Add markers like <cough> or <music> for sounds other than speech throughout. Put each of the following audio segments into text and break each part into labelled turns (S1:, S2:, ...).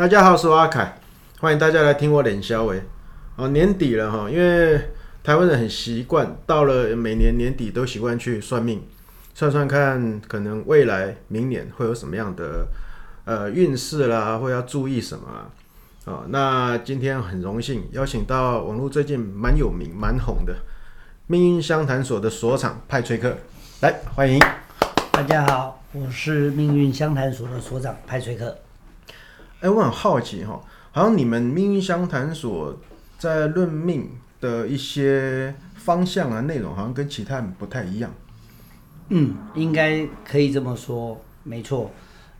S1: 大家好，我是我阿凱，歡迎大家來聽我臉消微。年底了哈，因為台灣人很習慣到了每年年底都習慣去算命，算算看可能未來明年會有什麼樣的呃運勢啦，或要注意什麼啊。啊，那今天很榮幸邀請到網絡最近蠻有名、蠻紅的命運相談所的所長派崔克來歡迎。大家好，我是命運相談所的所長派崔克。哎，我很好奇哈，好像你們命運相談所在論命的一些方向啊、內容，好像跟其他人不太一樣。嗯，應該可以這麼說，沒錯。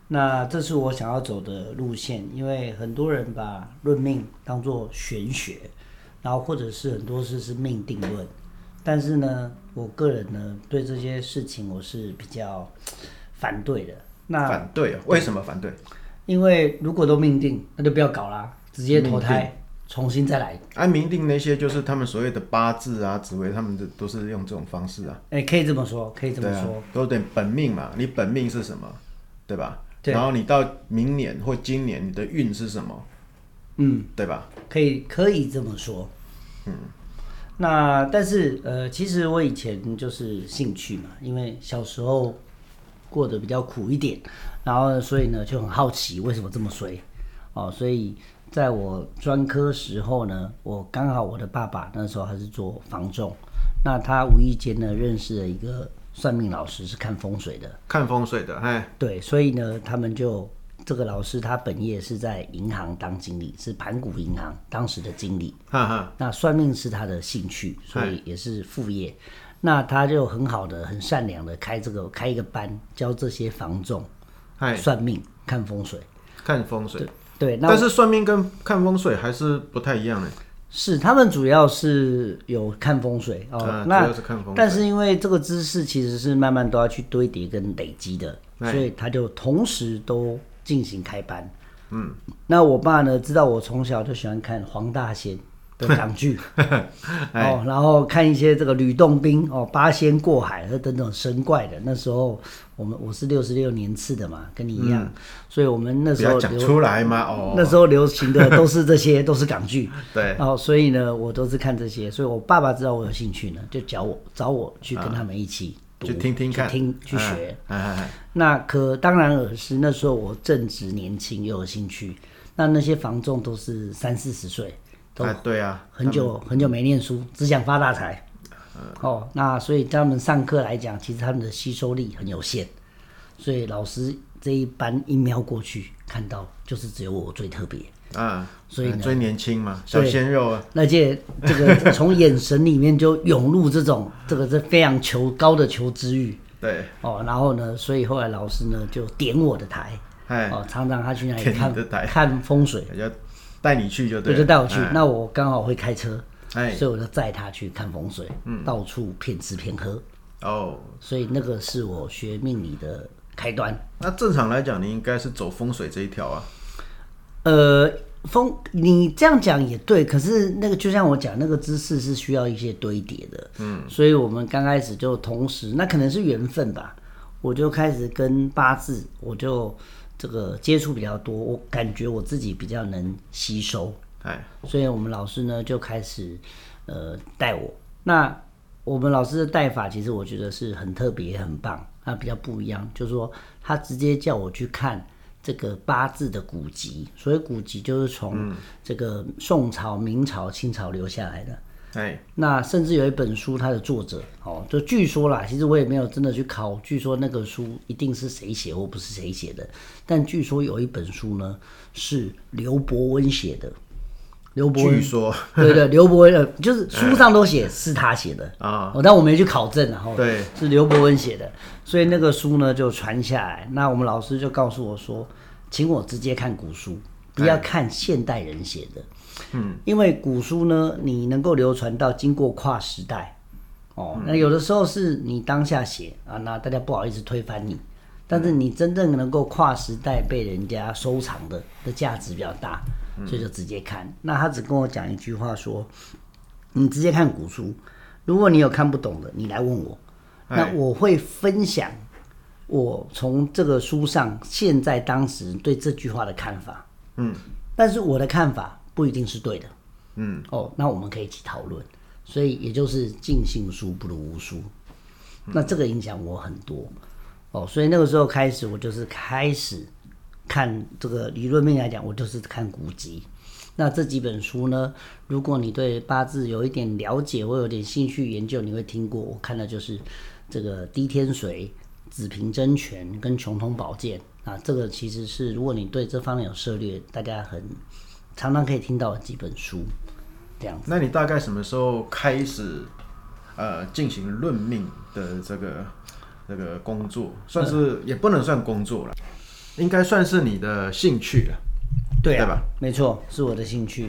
S1: 那這是我想要走的路
S2: 線，因為很多人把論命當做玄學、嗯，然後或者是很多事是命定論。但是呢，我個人呢對這些事情我是比較反
S1: 對的。那反對啊？為什麼反對？
S2: 因為如果都命定，那就不要搞啦，直接投胎，重新再來。
S1: 按、啊、命定那些，就是他們所謂的八字啊、紫微，他們的都是用這種方式啊。哎、
S2: 欸，可以這麼說，可以這麼
S1: 說、啊，都得本命嘛。你本命是什麼，對吧？對。然後你到明年或今年，你的運是什麼？嗯，對吧？可以，可以這麼說。嗯。
S2: 那但是呃，其實我以前就是興趣嘛，因為小時候過得比較苦一點。然後，所以呢，就很好奇為什麼這麼衰？哦，所以在我專科時候呢，我剛好我的爸爸那時候還是做房仲，那他無意間呢認識了一個算命老師，是看風水的，看風水的，哎，對，所以呢，他們就這個老師，他本業是在銀行當經理，是盤古銀行當時的經理，哈哈，那算命是他的興趣，所以也是副業，那他就很好的、很善良的開這個開一個班，教這些房仲。算命看風水，看風
S1: 水。對，對，那，但是算命跟看風水還是不太一樣耶。是，他們主要是
S2: 有看風水哦。啊，那主要是看風水。但是因為這個知識其實是慢慢都要去堆疊跟累積的，所以他就同時都進行開班。
S1: 嗯，
S2: 那我爸呢，知道我從小就喜歡看黃大仙的港劇 <laughs> 、
S1: 哎、哦，
S2: 然後看一些這個呂洞賓哦，八仙過海等等神怪的。那時候我們我是六十六年次的嘛，跟你一樣，嗯、所以我們那時候講出來嘛，哦，那時候流行的都是這些， <laughs> 都是港劇。對，哦，所以呢，我都是看這些，所以我爸爸知道我有興趣呢，就教我找我找我去跟他們一起讀，啊、去聽聽看，去，聽去學。哎、啊啊、那可當然而是那時候我正值年輕，又有興趣，那那些房仲都是三四十歲。
S1: 對啊，很久
S2: 很久沒念書，只想發大財，呃，哦，那所以他們上課來講，其實他們的吸收力很有限，所以老師這一班一瞄過去，看到就是只有我最特別
S1: 啊，所以呢最年輕嘛，小鮮肉，啊。那些這個
S2: 從眼神裡面就湧入這種， <laughs> 這個是非常求高的求知欲，對，哦，然後呢，所以後來老師呢就點我的台，哦，常常他去哪裡看看風水。
S1: 帶你去就對，就帶我去。哎、那
S2: 我剛好會開車，哎，所以我就載他去看風水，嗯、到處騙吃騙喝。哦，所以那個是
S1: 我學命理的開端。那正常來講，你應該是走風水這一條啊。呃，風，你這樣講也
S2: 對。可是那個就像我講，那個知識是需要一些堆疊的。嗯，所以我們剛開始就同時，那可能是緣分吧。我就開始跟八字，我就。這個接觸比較多，我感覺我自己比較能吸收，哎，所以我們老師呢就開始，呃，帶我。那我們老師的帶法，其實我覺得是很特別、很棒，啊，比較不一樣，就是說他直接叫我去看這個八字的古籍，所以古籍就是從這個宋朝、嗯、明朝、清朝留下來的。哎，那甚至有一本書，它的作者哦，就據說啦，其實我也沒有真的去考，據說那個書一定是誰寫或不是誰寫的，但據說有一本書呢是劉伯溫寫的，劉伯溫據說對對劉伯溫、哎、就是書上都寫是他寫的啊、哎哦，但我沒去考證啊、哦，對，是劉伯溫寫的，所以那個書呢就傳下來，那我們老師就告訴我說，請我直接看古書，不要看現代人寫的。哎。嗯，因為古書呢，你能夠流傳到經過跨時代，哦，那有的時候是你當下寫啊，那大家不好意思推翻你，但是你真正能夠跨時代被人家收藏的的價值比較大，所以就直接看。嗯，那他只跟我講一句話說，說你直接看古書，如果你有看不懂的，你來問我，那我會分享我從這個書上現在當時對這句話的看法。嗯，但是我的看法。不一定是對的，嗯，哦、oh,，那我們可以一起討論。所以也就是盡信書不如無書，那這個影響我很多，哦、oh,，所以那個時候開始，我就是開始看這個理論面來講，我就是看古籍。那這幾本書呢，如果你對八字有一點了解或有點興趣研究，你會聽過，我看的就是這個《滴天髓》、《子平真詮》跟《窮通寶鑑》。那這個其實是如果你對這方面有涉獵，
S1: 大家很。常常可以聽到幾本書這樣子。那你大概什麼時候開始呃進行論命的這個這個工作？算是、嗯、也不能算工作了，應該算是你的興趣了、啊，對吧？沒錯，是我的興趣。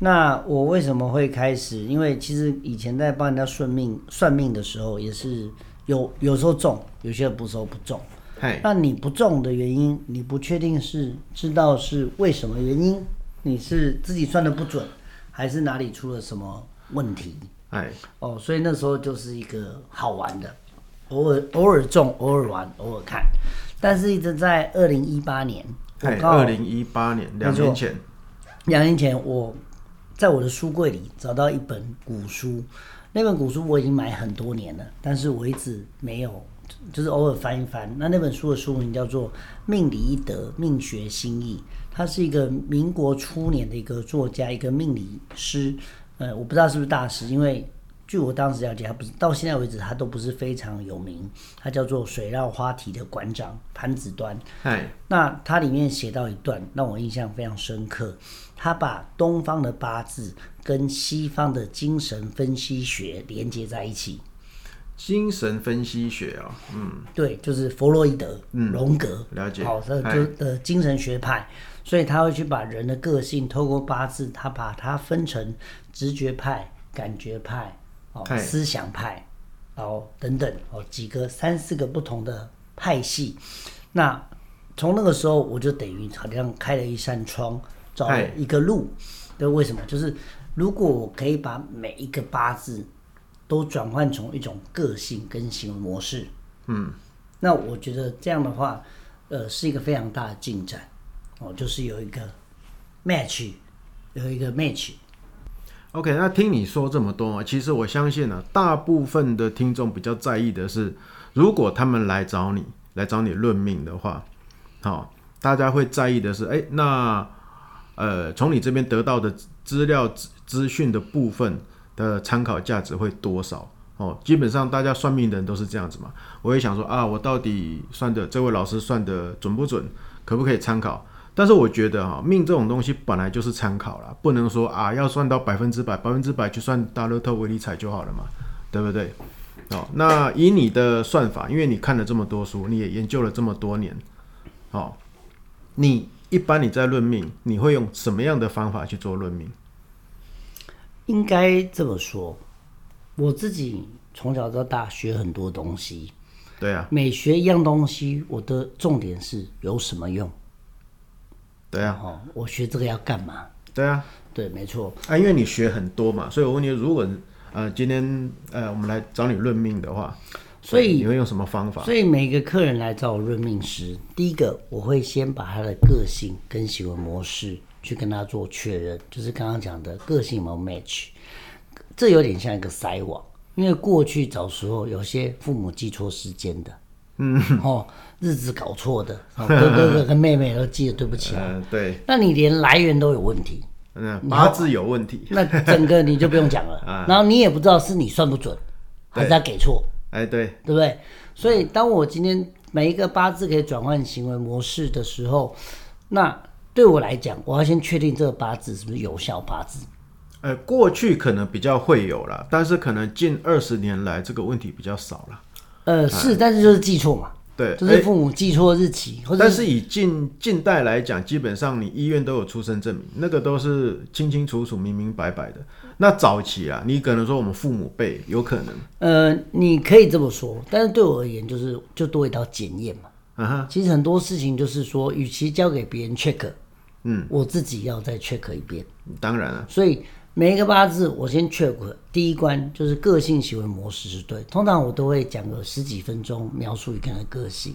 S1: 那我為什麼會開始？因為
S2: 其實以前在幫人家算命算命的時候，也是有有時候中，有些有時候不中。那你不中的原因，你不確定是知道是為什麼原因？你是自己算的不準，還是哪裡出了什麼問題？哎、
S1: hey.
S2: 哦，所以那時候就是一個好玩的，偶爾偶爾中，
S1: 偶爾玩，偶爾看。
S2: 但是一直在二零一八年，哎，二零
S1: 一八年兩年前，
S2: 兩年前我在我的書櫃裡找到一本古書，那本古書我已經買很多年了，但是我一直沒有，就是偶爾翻一翻。那那本書的書名叫做《命理一德，命學心意》。他是一個民國初年的一個作家，一個命理師，呃、嗯，我不知道是不是大師，因為據我當時了解，他不是，到現在為止他都不是非常有名。他叫做水繞花堤的館長潘子端。哎，那他裡面寫到一段讓我印象非常深刻，他把東方的八字跟西方的精神分析學連接在一起。精神分析學啊、哦，嗯，對，就是弗洛伊德、榮、嗯、格，了解，好，的就的、呃、精神學派，所以他會去把人的個性透過八字，他把它分成直覺派、感覺派、哦、思想派，哦，等等，哦，幾個三四個不同的派系。那從那個時候，我就等於好像開了一扇窗，找了一個路。那為什麼？就是如果我可以把每一個八字。都轉換成一種個性跟行為模式，嗯，那我覺得這樣的話，呃，是一個非常大的進展，哦，就是有一個
S1: match，有一個 match。OK，那聽你說這麼多，其實我相信呢、啊，大部分的聽眾比較在意的是，如果他們來找你來找你論命的話，好、哦，大家會在意的是，哎、欸，那呃，從你這邊得到的資料資訊的部分。的參考價值會多少哦？基本上大家算命的人都是這樣子嘛。我也想說啊，我到底算的這位老師算的準不準，可不可以參考？但是我覺得哈，命這種東西本來就是參考啦，不能說啊要算到百分之百，百分之百就算大樂透、威力彩就好了嘛，對不對？哦，那以你的算法，因為你看了這麼多書，你也研究了這麼多年，哦，你一般你在論命，你會用什麼樣的方法去做論命？應該這麼說，
S2: 我自己從小到大學很多東西，
S1: 對啊，
S2: 每學一樣東西，我的重點是有什麼用？
S1: 對啊，
S2: 哦，我學這個要幹嘛？對啊，對，沒錯。
S1: 啊，因為你學很多嘛，所以我問你，如果呃今天呃我們來找你論命的話，所以，所以你會用什麼方法？所以
S2: 每個客人來找我論命時，第一個我會先把他的個性跟行為模式。去跟他做確認，就是剛剛講的個性有沒有 match，這有點像一個篩網，因為過去早時候有些父母記錯時間的，嗯，哦，日子搞錯的，哦、哥，哥哥跟妹妹都記得對不起對、哦，那你連來源都有問題，
S1: 嗯、呃，八字有問題， <laughs>
S2: 那整個你就不用講了，然後你也不知道是你算不準，啊、還是他給錯，哎、欸，對，對不對？所以當我今天每一個八字可以轉換行為模式的時候，那。對我來講，我要先確定這個八字是不是有效八字。
S1: 呃，過去可能比較會有啦，但是可能近二十年來這個問題比較少了。
S2: 呃，是，但是就是記錯嘛，
S1: 對、呃，就是父母記錯日期、呃、或者。但是以近近代來講，基本上你醫院都有出生證明，那個都是清清楚楚、明明白白的。那早期啊，你可能說我們父母輩有可能，
S2: 呃，你可以這麼說，但是對我而言，就是就多一道檢驗嘛。嗯、啊、哼，其實很多事情就是說，與其交給別人 check。嗯，我自己要再 check 一遍。當然啊，所以每一個八字我先 check 第一關，就是個性行為模式是對。通常我都會講個十幾分鐘描述一個人的個性。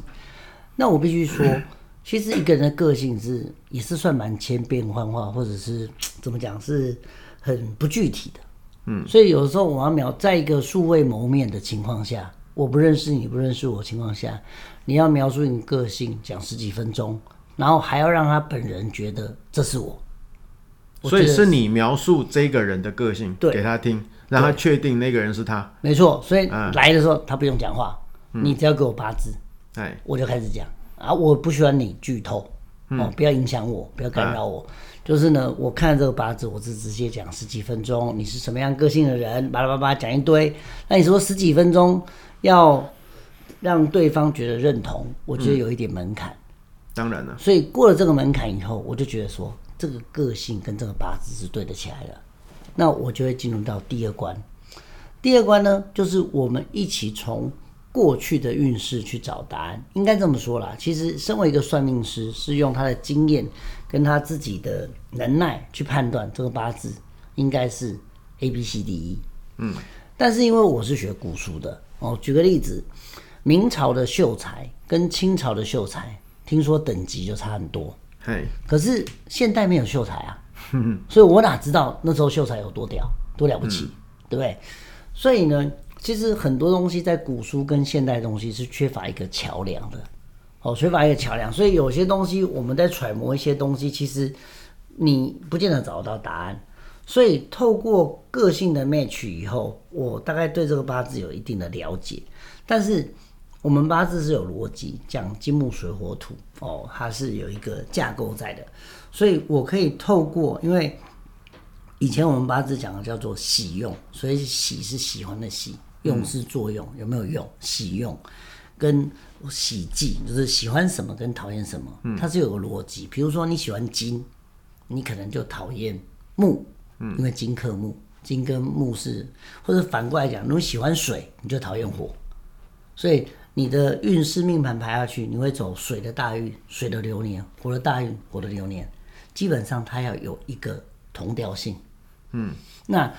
S2: 那我必須說，嗯，其實一個人的個性是也是算蠻千變萬化，或者是怎麼講是很不具體的。嗯，所以有時候我要描在一個素未謀面的情況下，我不認識你不認識我情況下，你要描述你個性，講十幾分鐘。然後還要讓他本人覺得這是我，我是，
S1: 所以是你描述這個人的個性對給他聽，讓他確定那個人是他。沒錯，所以來的時候他不用講話，嗯、你只要給我八字，哎、
S2: 嗯，我就開始講啊。我不喜歡你劇透哦、嗯嗯，不要影響我，不要干擾我。啊、就是呢，我看這個八字，我是直接講十幾分鐘，你是什麼樣個性的人，巴拉巴巴講一堆。那你說十幾分鐘要讓對方覺得認同，我覺得有一點門檻。嗯當然了，所以過了這個門檻以後，我就覺得說這個個性跟這個八字是對得起來的，那我就會進入到第二關。第二關呢，就是我們一起從過去的運勢去找答案。應該這麼說啦，其實身為一個算命師，是用他的經驗跟他自己的能耐去判斷這個八字應該是 A、B、C、D、E。嗯，但是因為我是學古書的哦，舉個例子，明朝的秀才跟清朝的秀才。聽說等級就差很多，hey. 可是現代沒有秀才啊， <laughs> 所以我哪知道那時候秀才有多屌，多了不起，嗯，對不對？所以呢，其實很多東西在古書跟現代東西是缺乏一個橋樑的，哦，缺乏一個橋樑。所以有些東西我們在揣摩一些東西，其實你不見得找得到答案。所以透過個性的 match 以後，我大概對這個八字有一定的了解，但是。我們八字是有邏輯，講金木水火土哦，它是有一個架構在的，所以我可以透過，因為以前我們八字講的叫做喜用，所以喜是喜歡的喜，用是作用，有沒有用？喜用跟喜忌，就是喜歡什麼跟討厭什麼，它是有個邏輯。比如說你喜歡金，你可能就討厭木，因為金克木，金跟木是，或者反過來講，如果你喜歡水，你就討厭火，所以。你的運勢命盤排下去，你會走水的大運、水的流年，火的大運、火的流年。基本上，它要有一個同調性。嗯，那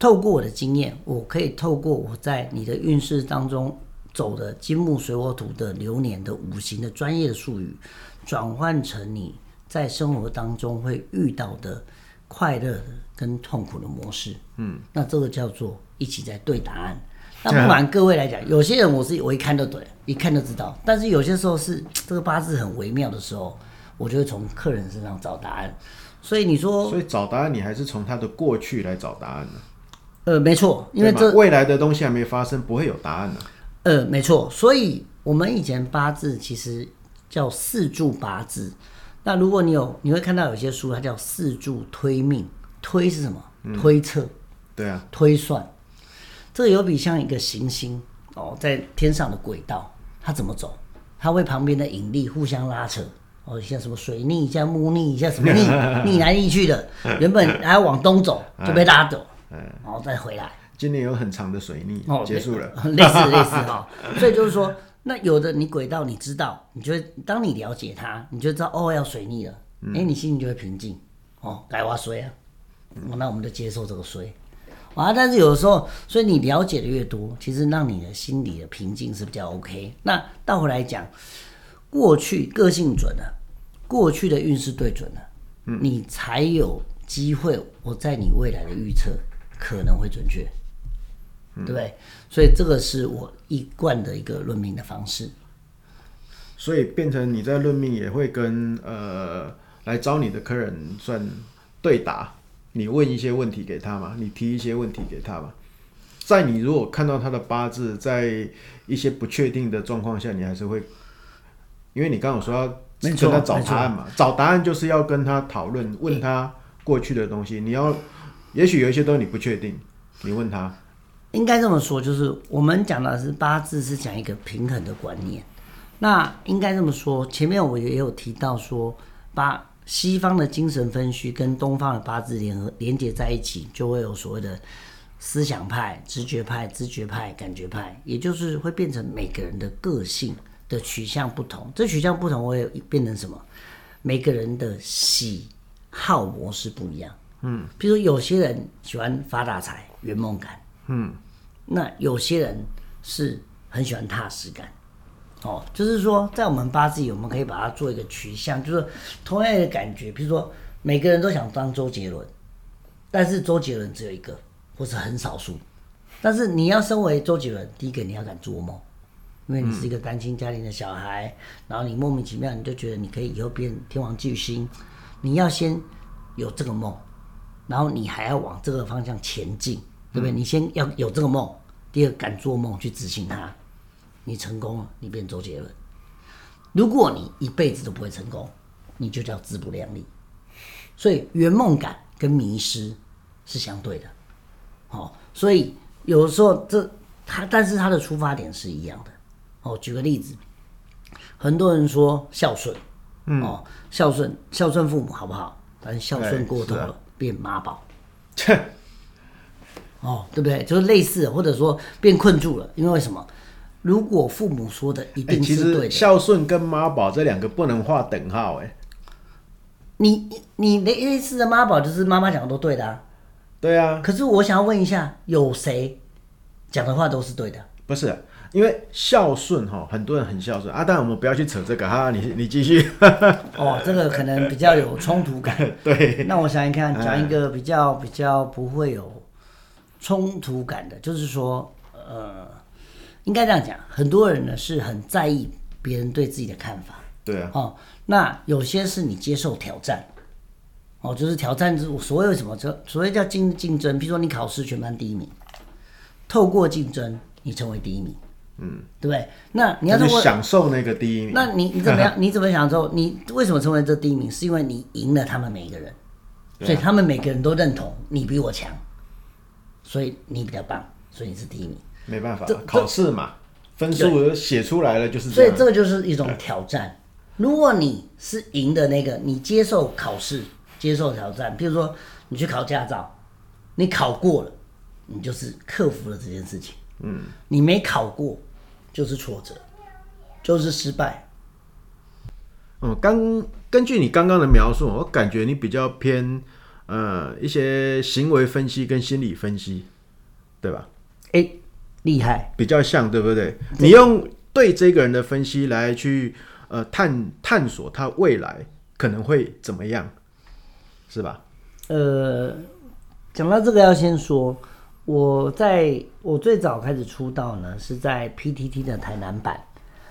S2: 透過我的經驗，我可以透過我在你的運勢當中走的金木水火土的流年的五行的專業的術語，轉換成你在生活當中會遇到的快樂跟痛苦的模式。嗯，那這個叫做一起在對答案。那不瞞各位來講，有些人我是我一看就對，一看就知道。但是有些時候是這個八字很微妙的時候，我就會從客人身上
S1: 找答案。所以你說，所以找答案你還是從他的過去來找答案呢、啊？呃，沒錯，因為這未來的東西還沒發生，不會有答案呢、啊。呃，沒錯。所以
S2: 我們以前八字其實叫四柱八字。那如果你有，你會看到有些書它叫四柱推命，推是什麼？推測、嗯？
S1: 對啊，
S2: 推算。這個有比像一個行星哦，在天上的軌道，它怎麼走？它為旁邊的引力互相拉扯哦，像什麼水逆，像木逆，像什麼逆逆來逆去的。 <laughs> 原本還要
S1: 往東走， <laughs> 就被拉走， <laughs> 然
S2: 後再回來。
S1: 今年有很長的水逆、哦，結束了，類似類似哈、 <laughs> 哦。所以
S2: 就是說，那有的你軌道你知道，你覺得當你了解它，你就知道哦要水逆了，哎、嗯，你心裡就會平靜哦，該挖水啊、嗯哦，那我們就接受這個水。啊！但是有時候，所以你了解的越多，其實讓你的心理的平靜是比較 OK。那倒回來講，過去個性準了、啊，過去的運勢對準了、啊嗯，你才有機會，我在你未來的預測可能會準確、嗯，對不對？所以這個是我一貫的一個論命的方式。
S1: 所以變成你在論命也會跟呃來找你的客人算對打。你問一些問題給他嘛，你提一些問題給他嘛，在你如果看到他的八字，在一些不確定的狀況下，你還是會，因為你剛剛有說要，就是找答案嘛，找答案就是要跟他討論，問他過去的東西，欸、你要，也許有一些東西你不確定，你問他。應該這麼說，就是我們講的是八字是講一個平衡的觀
S2: 念，那應該這麼說，前面我也有提到說八。西方的精神分析跟東方的八字聯合連接在一起，就會有所謂的思想派、直覺派、直覺派、感覺派，也就是會變成每個人的個性的取向不同。這取向不同，會變成什麼？每個人的喜好模式不一樣。嗯，比如說有些人喜歡發大財、圓夢感。嗯，那有些人是很喜歡踏實感。哦，就是說，在我們八字裡，我們可以把它做一個取向，就是同樣的感覺。比如說，每個人都想當周杰倫，但是周杰倫只有一個，或是很少數。但是你要身為周杰倫，第一個你要敢做夢，
S1: 因為你是一
S2: 個單親家庭的小孩、嗯，然後你莫名其妙你就覺得你可以以後變天王巨星，你要先有這個夢，然後你還要往這個方向前進，對不對？嗯、你先要有這個夢，第二個敢做夢去執行它。你成功了，你變周杰倫；如果你一輩子都不會成功，你就叫自不量力。所以，圓夢感跟迷失是相對的。哦，所以有時候這，這他但是他的出發點是一樣的。哦。舉個例子，很多人說孝順、嗯，哦，孝順孝順父母好不好？但是孝順過度了，欸啊、變媽寶。切， <laughs> 哦，對不對？就是類似，或者說變困住了，因為為什麼？如果父母說的一定是對的，欸、
S1: 孝順跟媽寶這兩個不能畫等號哎、欸。
S2: 你你類類似的媽寶就是媽媽講的都對的、啊。對啊。可是我想要問一下，有誰講的話都是對的？
S1: 不是，因為孝順哈，很多人很孝順啊。當然我們不要去扯這個哈，你你繼續。 <laughs> 哦，這個可能比較有衝突感。 <laughs> 對。
S2: 那我想一看，講一個比較比較不會有衝突感的、嗯，就是說，呃。應該這樣講，很多人呢是很在意別人對自己的看法。對啊。哦，那有些是你接受挑戰，哦，就是挑戰之後所有什麼，就所謂叫競競爭。譬如說你考試全班第一名，透過競爭你成為
S1: 第一名，嗯，
S2: 對不對？那你要怎麼？就是、
S1: 享受那個第一名？那你你怎麼樣？
S2: <laughs> 你怎麼享受？你為什麼成為這第一名？是因為你贏了他們每一個人、啊，所以他們每個人都認同你比我強，所以
S1: 你比較棒，所以你是第一名。沒辦法，考試嘛，分數寫出來了就是這樣。所以這
S2: 個就是一種挑戰。如果你是贏的那個，你接受考試，接受挑戰。譬如說你去考駕照，你考過了，你就是克服了這件事情。嗯，你沒考過，就是挫折，就是失敗。
S1: 嗯，剛根據你剛剛的描述，我感覺你比較偏呃一些行為分析跟心理分析，對吧？誒、欸。厲害，比較像，對不對？嗯，你用對這個人的分析來去呃探探索他未來可能會怎麼樣，是吧？
S2: 呃，講到這個要先說，我在我最早開始出道呢是在 PTT 的台南版，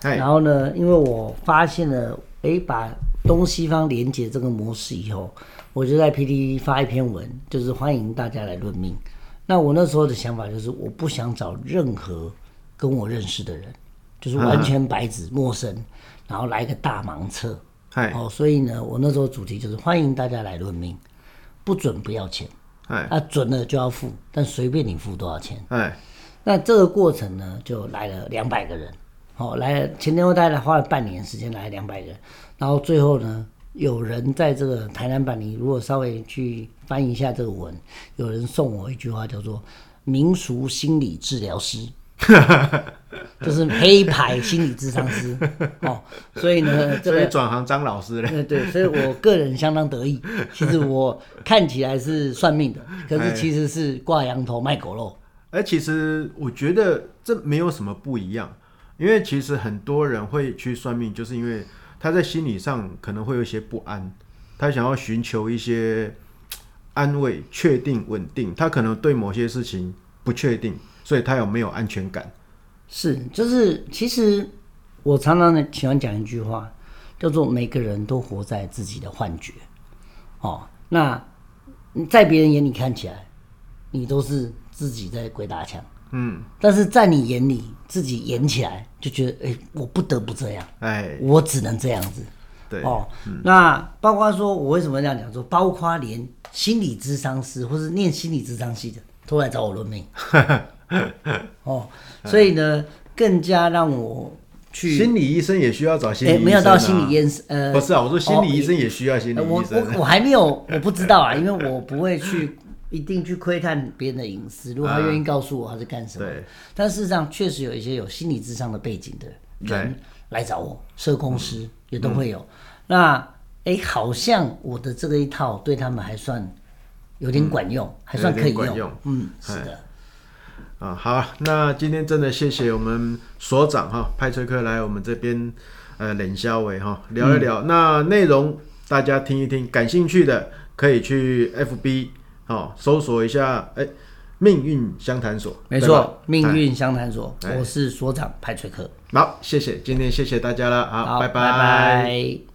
S2: 然後呢，因為我發現了誒、欸，把東西方連接這個模式以後，我就在 PTT 發一篇文，就是歡迎大家來論命。那我那時候的想法就是，我不想找任何跟我認識的人，就是完全白紙、嗯、陌生，然後來一個大盲測。哦，所以呢，我那時候主題就是歡迎大家來論命，不准不要錢。啊那準了就要付，但隨便你付多少錢。那這個過程呢，就來了兩百個人。哦，來了前前後後大概花了半年時間來了兩百人，然後最後呢。有人在這個台南版，你如果稍微去翻一下這個文，有人送我一句話，叫做“民俗心理治療師”，
S1: <laughs> 就是黑牌心理諮商師、
S2: 哦、所以呢，這個、所以轉行張老師嘞？對對，所以我個人相當得意。 <laughs> 其實我看起來是算命的，可是其實是掛羊頭賣狗肉。
S1: 哎、欸，其實我覺得這沒有什麼不一樣，因為其實很多人會去算命，就是因為。他在心理上可能會有一些不安，他想要尋求一些安慰、確定、穩定。他可能對某些事情不確定，所以他有沒有安全感？是，就是其實
S2: 我常常的喜歡講一句話，叫做“每個人都活在自己的幻覺”。哦，那你在別人眼裡看起來，你都是自己在鬼打牆。嗯，但是在你眼裡，自己演起來就覺得，哎、欸，我不得不這樣，哎、欸，我只能這樣子。對哦、喔嗯，那包括說我為什麼這樣講，說包括連心理諮商師或是念心理諮商系的，都來找我論命。哦、 <laughs> 喔欸，所以呢，更加讓我去。心理
S1: 醫生也需要找心理醫生、啊。哎、欸，沒有到心理醫生、啊，呃，不是啊，我說心理醫生也需要心理醫生。喔、我我我還
S2: 沒有，我不知道啊， <laughs> 因為我不會去。一定去窺探別人的隱私，如果他願意告訴我他在幹什麼、啊。但事實上，確實有一些有心理諮商的背景的
S1: 人
S2: 來找我，社、嗯、工師，也都會有。嗯、那哎，好像我的這個一套對他們還算有點管用，嗯、還算可以用。管用，
S1: 嗯，是的、哎。啊，好，那今天真的謝謝我們所長哈、哎，派崔克來我們這邊呃冷消維哈聊一聊。嗯、那內容大家聽一聽，感興趣的可以去 FB。好、哦，搜索一下，哎、欸，命運相談所，沒錯，命運相談所、嗯，我是
S2: 所長、欸、派翠克，
S1: 好，謝謝，今天謝謝大家了，好，好拜拜。拜拜。